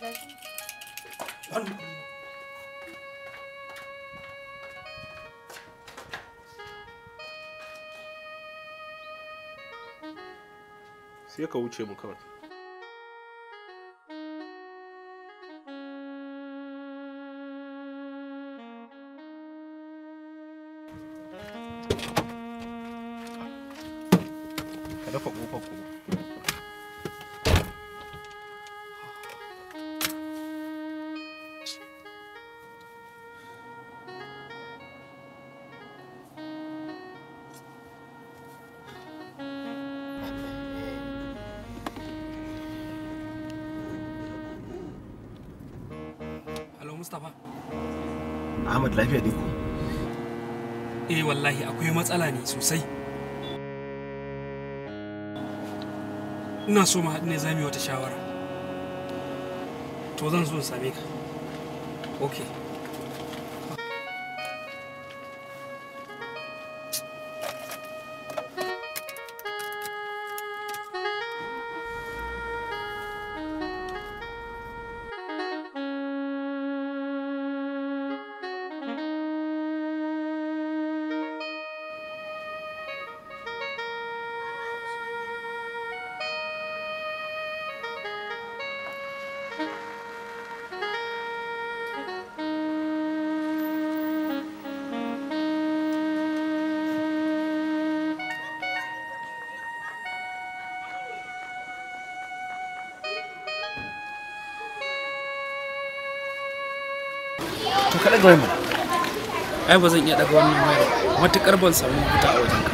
Дальше. Все кого ему, короче. Mustapha? Ahmad lafiya dai ku? Eh wallahi akwai matsala ne sosai. Ina so mu haɗu ne za mu yi wata shawara. To zan zo in same ka. Okay. to ka daga wannan ai ba zan iya daga wannan wayar matukar ban samu mafita a wajenka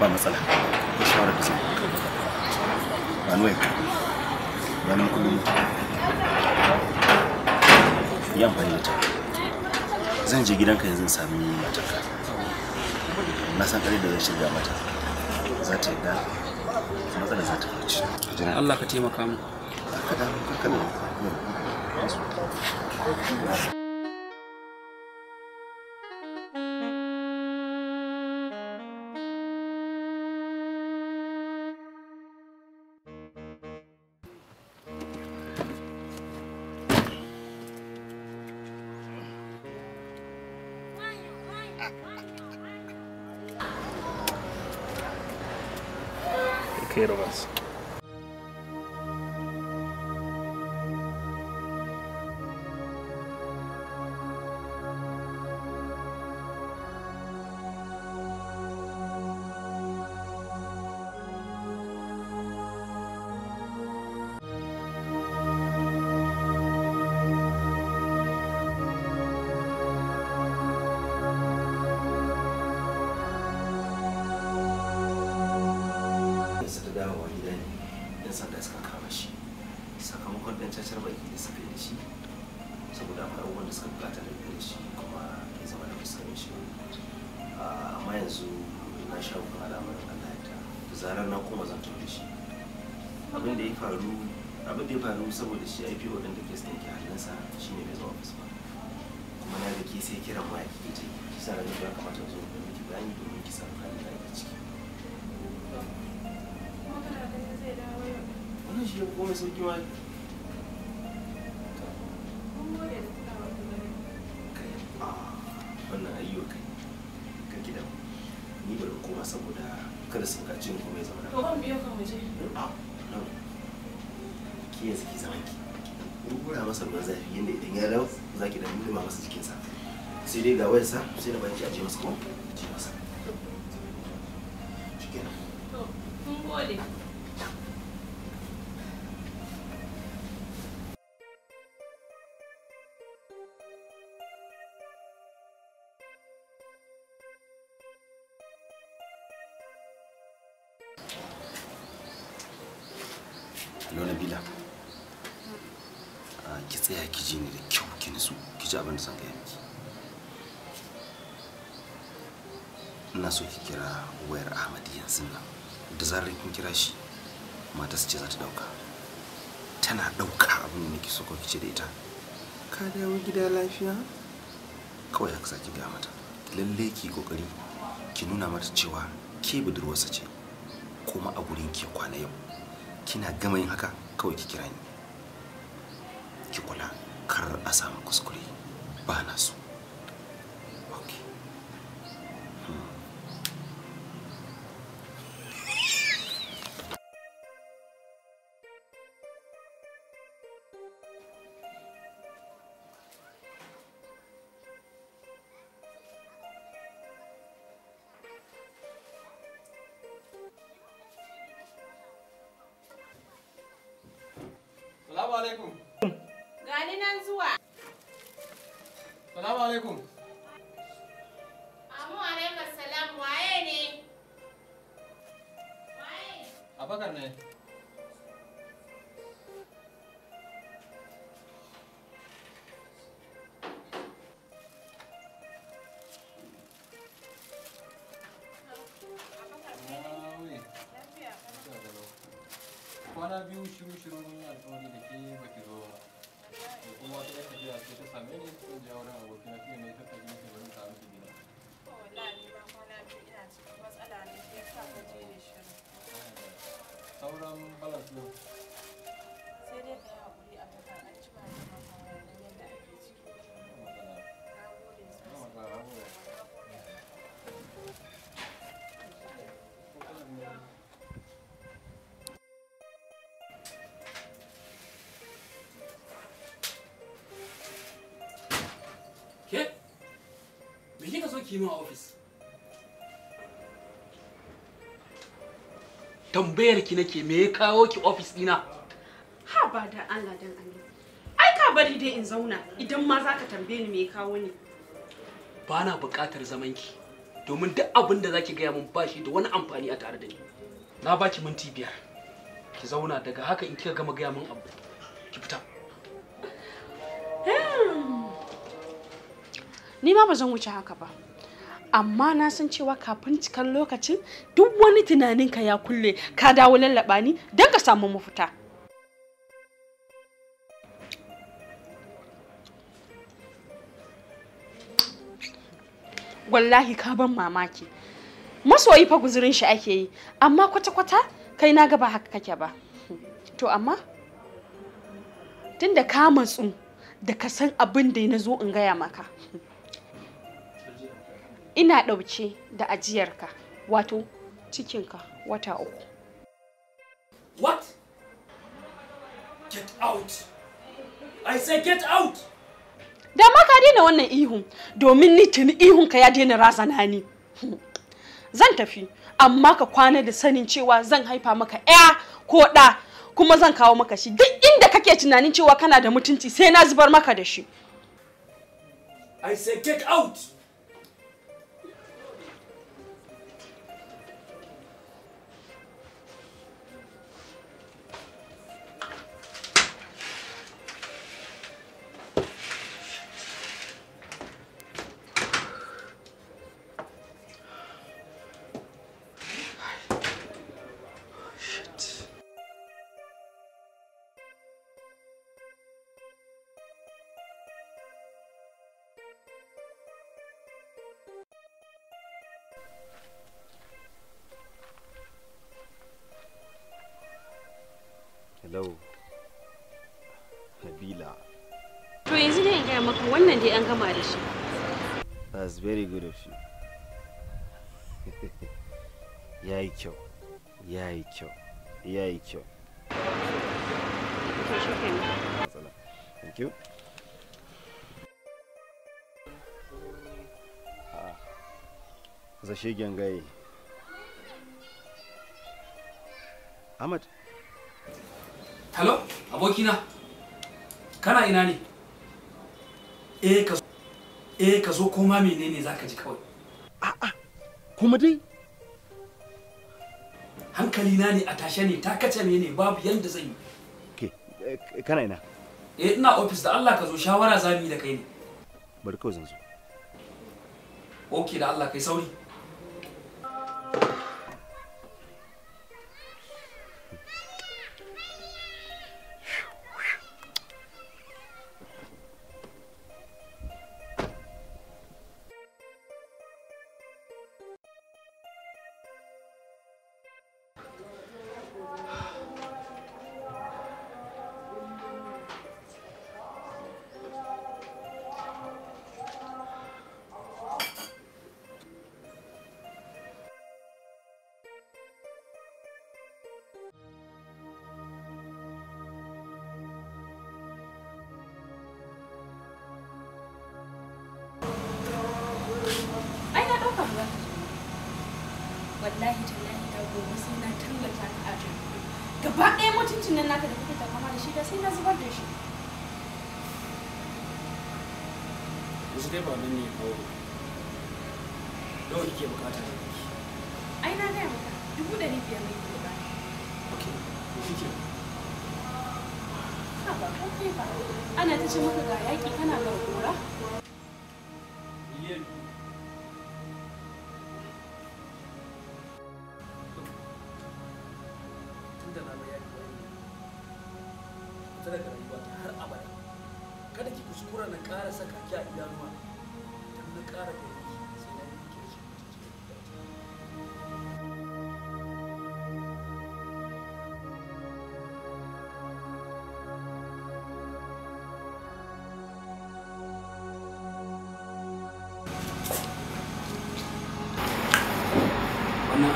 ba matsala ko shawara da zan ba nuwa ba nan kullum yan amfani ta zan je gidanka yanzu sami matarka na san kare da zan shirya mata za ta yadda matsalar za ta wuce Allah ka taimaka mu kada kada mesmo. Queiroz. 'yan sanda suka kama shi sakamakon ɗan cacar baki da suka yi da shi saboda akwai abubuwan da suka bukata da gare shi kuma ya zama da fuskarin shi amma yanzu na sha hukun alamar Allah ta da zarar na koma zan tafi shi abin da ya faru abin da ya faru saboda shi IP waɗanda ke tsaye ke hannunsa shi ne bai zama fasfa. kuma na da ke sai kiran ma ya ke je shi sa na ya kamata zo da miki bayani shi ko komai sauki ma wannan kada su kuma ya zama to ban biyo kan waje a no ki yanzu ki zama ki masa ruwan zafi yanda idan ya zaki masa sa sai dai ga sa sai da banki a je masa ko je masa Hello Nabila. Ah, ki tsaya ki ji ni da kyau ki su, ki abang abin da zan gaya Ina kira wayar Ahmad yang sana. Da zarar kira shi mata si jazat dauka. Tana dauka abin da nake so ko kice da ita. Ka dawo gida lafiya? Kawai haka saki ga mata. Lalle ki kokari ki nuna mata cewa ke budurwarsa ce kuma a gurin kau kwana yau. kina gama yin haka kawai ki kira ni ki kula kar a samu kuskure ba na so alaikum. Amu alaikum salam waye ne? Waye? Apa Abakar ne. kwana biyu shuru shiru alkawari da ke baki zo ba da kuma wata yan tafiya ce ta same ni sun ja wurin abokina shi ne ta tafi miki wurin samu ki gida. to wallahi ba kwana biyu ina cikin matsala ne shi yasa ka je ne shirin. sauran balance din. sai kima ofis tambayar ki nake me ya kawo ki ofis dina ha ba da Allah dan Allah ai ka bari dai in zauna idan ma zaka tambaye ni me ya kawo ni ba na buƙatar zaman ki domin duk abin da zaki gaya min bashi da wani amfani a tare da ni na baki minti biyar ki zauna daga haka in kika gama gaya min abu ki fita hmm. ni ma ba zan wuce haka ba amma na san cewa kafin cikar lokacin duk wani tunaninka ya kulle ka dawo lallaba ni don ka samu mafuta wallahi ka ban mamaki masoyi fa guzurin shi ake yi amma kwata-kwata kai na gaba haka kake ba to amma tunda ka matsu da ka san abin da na zo in gaya maka ina ɗauke da ajiyarka wato cikinka wata uku what get out i say get out da ma ka daina wannan ihun domin ni tuni ihunka ya daina razana ni zan tafi amma ka kwana da sanin cewa zan haifa maka ya ko ɗa kuma zan kawo maka shi duk inda kake tunanin cewa kana da mutunci sai na zubar maka da shi i say get out hello nabila to yanzu dai in gaya maka wannan dai an gama da shi that's very good of you ya yi kyau ya yi kyau ya yi kyau thank you ah. zashe gangaye ahmad Hello, abokina, kana ina ne? Eh ka zo, eh ka zo koma menene za ka ji kawai. A'a, kuma dai? Hankali na ne a tashe ne, ta kace ne babu yanda zan yi. Ke, eh, kana ina? Eh ina ofis da Allah ka zo shawara za mu yi da kai ne. Bari kawai zan zo. Ok da Allah kai sauri. gaba ɗaya mutuncin nan naka da kake takama da shi da sai na zubar da shi yanzu dai ba nan ne kike bukata da kake ai na gaya maka dubu ɗari biyar ne ke ba ok ke ba ba ana ta ce maka ga yaƙi kana ga gora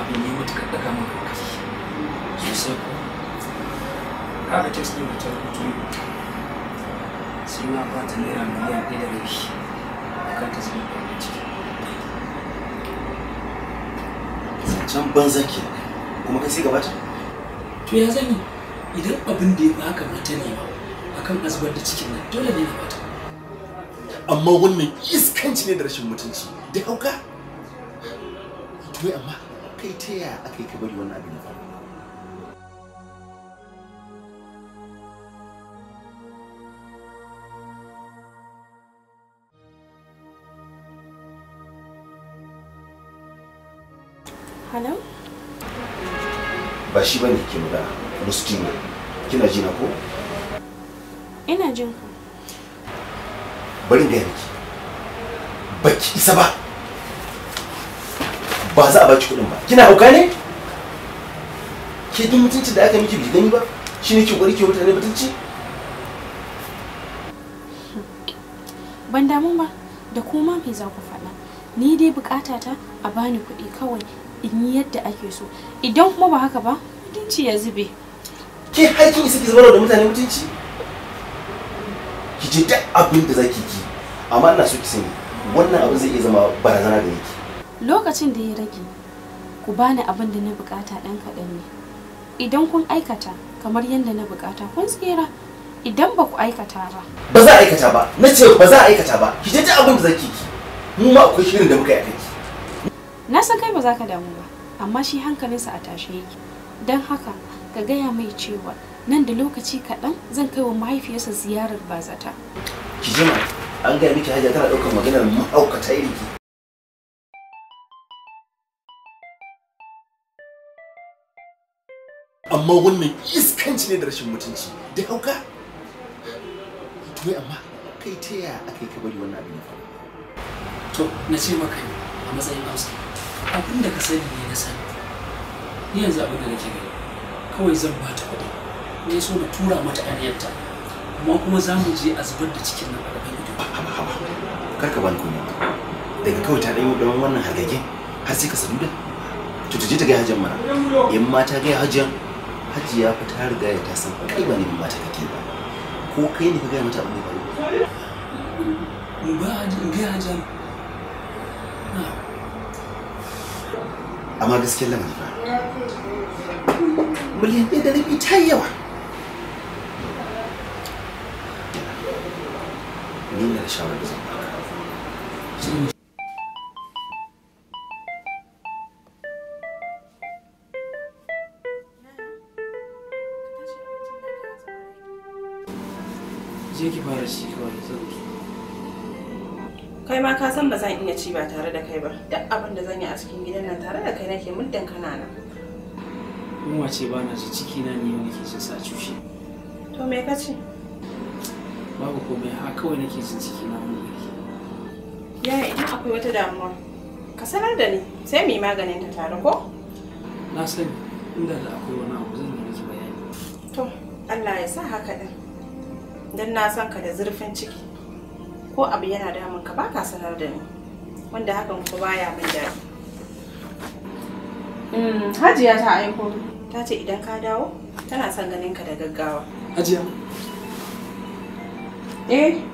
abin ne matuƙar daga mun hankali sosai ko kaga kes ɗin da ta rubuto sai na ta naira miliyan ɗaya da rabi akan ta zama ɗan ciki zancen banza ke kuma kai sai gabata to ya zan yi idan abin da ya ba haka mata ne a kan azubar da cikin nan dole ne na bata amma wannan iskanci ne da rashin mutunci da hauka to amma kai ta yaya aka yi kabari wannan abin ya faru Ba shi ke ne. Kina ko? Ina jin ku. Bari da yanki. Baki isa ba. ba za a baki kuɗin ba kina hauka ne ke duk mutunci da aka miki bai gani ba shi ne ke ke mutane mutunci ban damu ba da kuma me za ku faɗa ni dai bukata ta a bani kuɗi kawai in yi yadda ake so idan kuma ba haka ba mutunci ya zube ke haƙƙin isa ki zama da mutane mutunci ki ji duk abin da zaki ki amma ina so ki sani wannan abin zai iya zama barazana da yake lokacin da ya rage ku bani abin da na bukata ɗan kaɗan ne idan kun aikata kamar yadda na bukata kun tsira idan ba ku aikata ba ba za a aikata ba na ce ba za a aikata ba ki ta abin da zaki ki mu ma akwai shirin da muka yi a kai na san kai ba za ka damu ba amma shi hankalinsa a tashe yake don haka ka gaya mai cewa nan da lokaci kaɗan zan kai wa mahaifiyarsa ziyarar bazata ki jima an gaya miki hajiya tana ɗaukar maganar ma'aukata iri ki amma wannan iskanci ne da rashin mutunci da hauka to amma kai ta yaya aka yi kabari wannan abin ya to na ce maka ne a matsayin hausa abin da ka sani ne na sani ni yanzu abin da nake gani kawai zan ba ta kuɗi ne so na tura mata aniyarta amma kuma za mu je a zubar da cikin nan a ido kar ka bani kunya daga kawai ta ɗanyo ɗan wannan hargage har sai ka sadu da to ta je ta gaya hajjan mana in ma ta gaya hajjan hajiya fa ta riga ya ta san kai ba ne ba ta kake ba ko kai ne ka ga mata abin da faru ba hajiya ga hajiya amma gaskiyar lamarin ba miliyan ɗaya da rabi ta yawa ni na da shawarar je ki fara ci kawai kai ma ka san ba zan iya ci ba tare da kai ba duk abin da zan yi a cikin gidan nan tare da kai nake muddin kana nan yunwa ce ba na ji ciki na ne nake jin sa cushe to me ka ce babu komai ha kawai nake jin ciki na mun yaya idan akwai wata damuwa ka sanar da ni sai mu yi maganin ta tare ko na sani inda da akwai wani abu zan yi miki bayani to Allah ya sa haka din don na san ka da zurfin ciki ko abu yana damun ka baka sanar da ni wanda hakan kuma baya min daɗi mm, hajiya ta aiko ta ce idan ka dawo tana son ganin ka da gaggawa hajiya eh